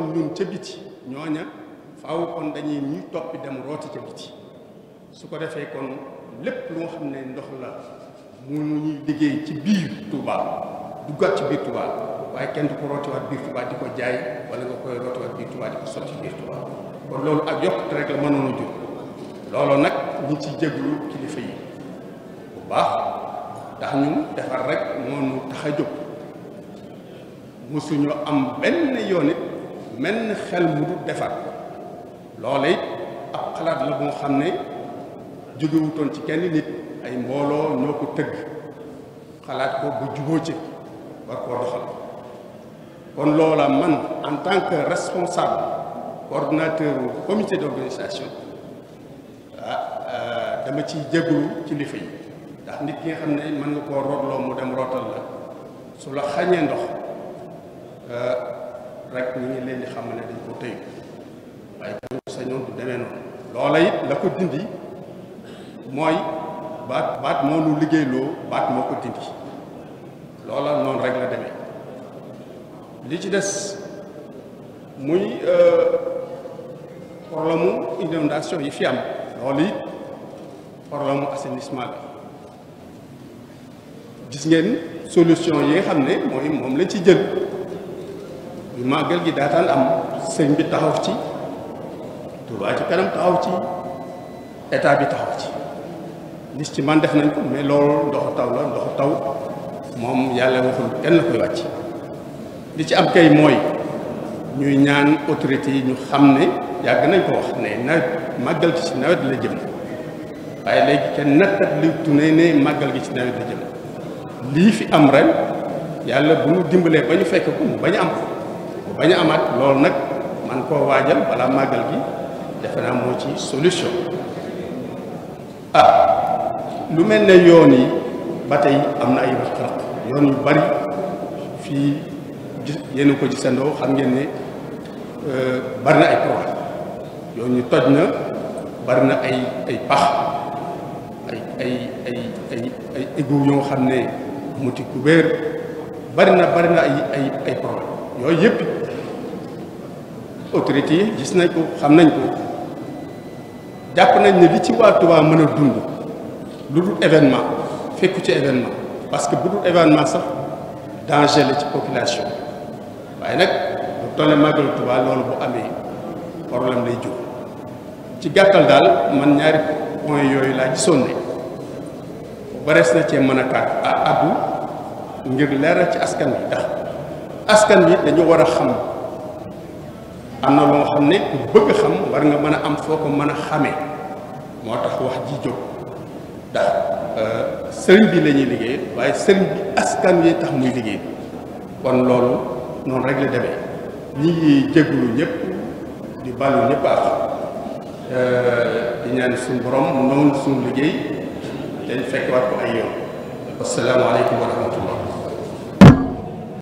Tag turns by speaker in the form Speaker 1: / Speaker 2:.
Speaker 1: demoon ñun ca biti ñooña faaw kon dañuy ñuy toppi dem rooti ca biti su ko defee kon lépp lu nga xam ne ndox la mu ñuy liggéey ci biir Touba duggaat ci biir Touba waaye kenn du ko rootiwaat biir Touba di ko jaay wala nga koy rootiwaat biir Touba di ko sotti biir Touba kon loolu ak yokkute rek la mënoon a jóg loolu nag ñi ci jéglu kilifa yi bu baax ndax ñun defar rek moo ñu tax a jóg mosuñu am benn yoon menn xel mu du defar loola it ab xalaat la bu xam ne jógewutoon ci kenn nit ay mbooloo ñoo ko tëgg xalaat ko bu juboo ci war koo doxal kon loola man en tant que responsable ordinateur comité d'organisation ah euh, dama ciy jégalu ci lifa yi ndax nit ki nga xam ne mën nga koo rootloo mu dem rootal la su la xañee ndox euh, rek ñu ngi leen di xamal dañ koo tëy waaye bu sañoon du demee noonu loola it la ko dindi mooy baat baat moo nu liggéeyloo baat moo ko dindi loola noonu rek la demee li ci des muy euh, problème mu inondation yi fi am loolu it problème mu assainissement gis ngeen solution yi nga xam ne mooy moom lañ ci jël bi màggal gi daataan am sëñ bi taxaw ci Touba ci kanam taxaw ci état bi taxaw ci li ci man def nañ ko mais loolu ndoxu taw la ndoxu taw moom yàlla waxul kenn koy wàcc li ci am kay mooy ñuy ñaan autorité yi ñu xam ne yàgg nañ ko wax ne nawet màggal gi ci nawet la jëm waaye léegi kenn nattat li tune ne màggal gi ci nawet la jëm lii fi am ren yàlla bu ñu dimbalee ba ñu fekk ko mu bañ a am ko bañ a amaat loolu nag man koo waajal balaa màggal gi defe naa moo ci solution ah lu mel ne yoon yi ba tey am na ay raq-raq yoon yu bari fii gis yéen ko gisandoo xam ngeen ni euh, bari na ay projet yoon yu toj na bari na ay ay pax ay ay ay ay ay égout yoo xam ne muti kubéer bari na bari na ay ay ay problème yooyu yëpp autorités yi gis nañ ko xam nañ ko jàpp nañ ne li ci waa Touba mën a dund lu dul événement fekku ci événement parce que bu dul événement sax danger la ci population waaye nag bu tolle màggal Touba loolu bu amee problème lay jur ci gàttal daal man ñaari point yooyu laa gisoon ne barees na cee mën a kaat a addu ngir leeral ci askan bi ndax askan bi dañu war a xam am na loo xam ne ku bëgg xam war nga mën a am foo ko mën a xamee moo tax wax ji jóg ndax euh, sëriñ bi la ñuy liggéey waaye sëriñ bi askan wi tax muy liggéey kon loolu noonu rek deme demee ñi ngi ñépp ñëpp di balu ñëpp ak euh, di ñaan suñ borom noonu suñu liggéey dañ fekk waat ko ay yoon asalaamaaleykum wa rahmatullah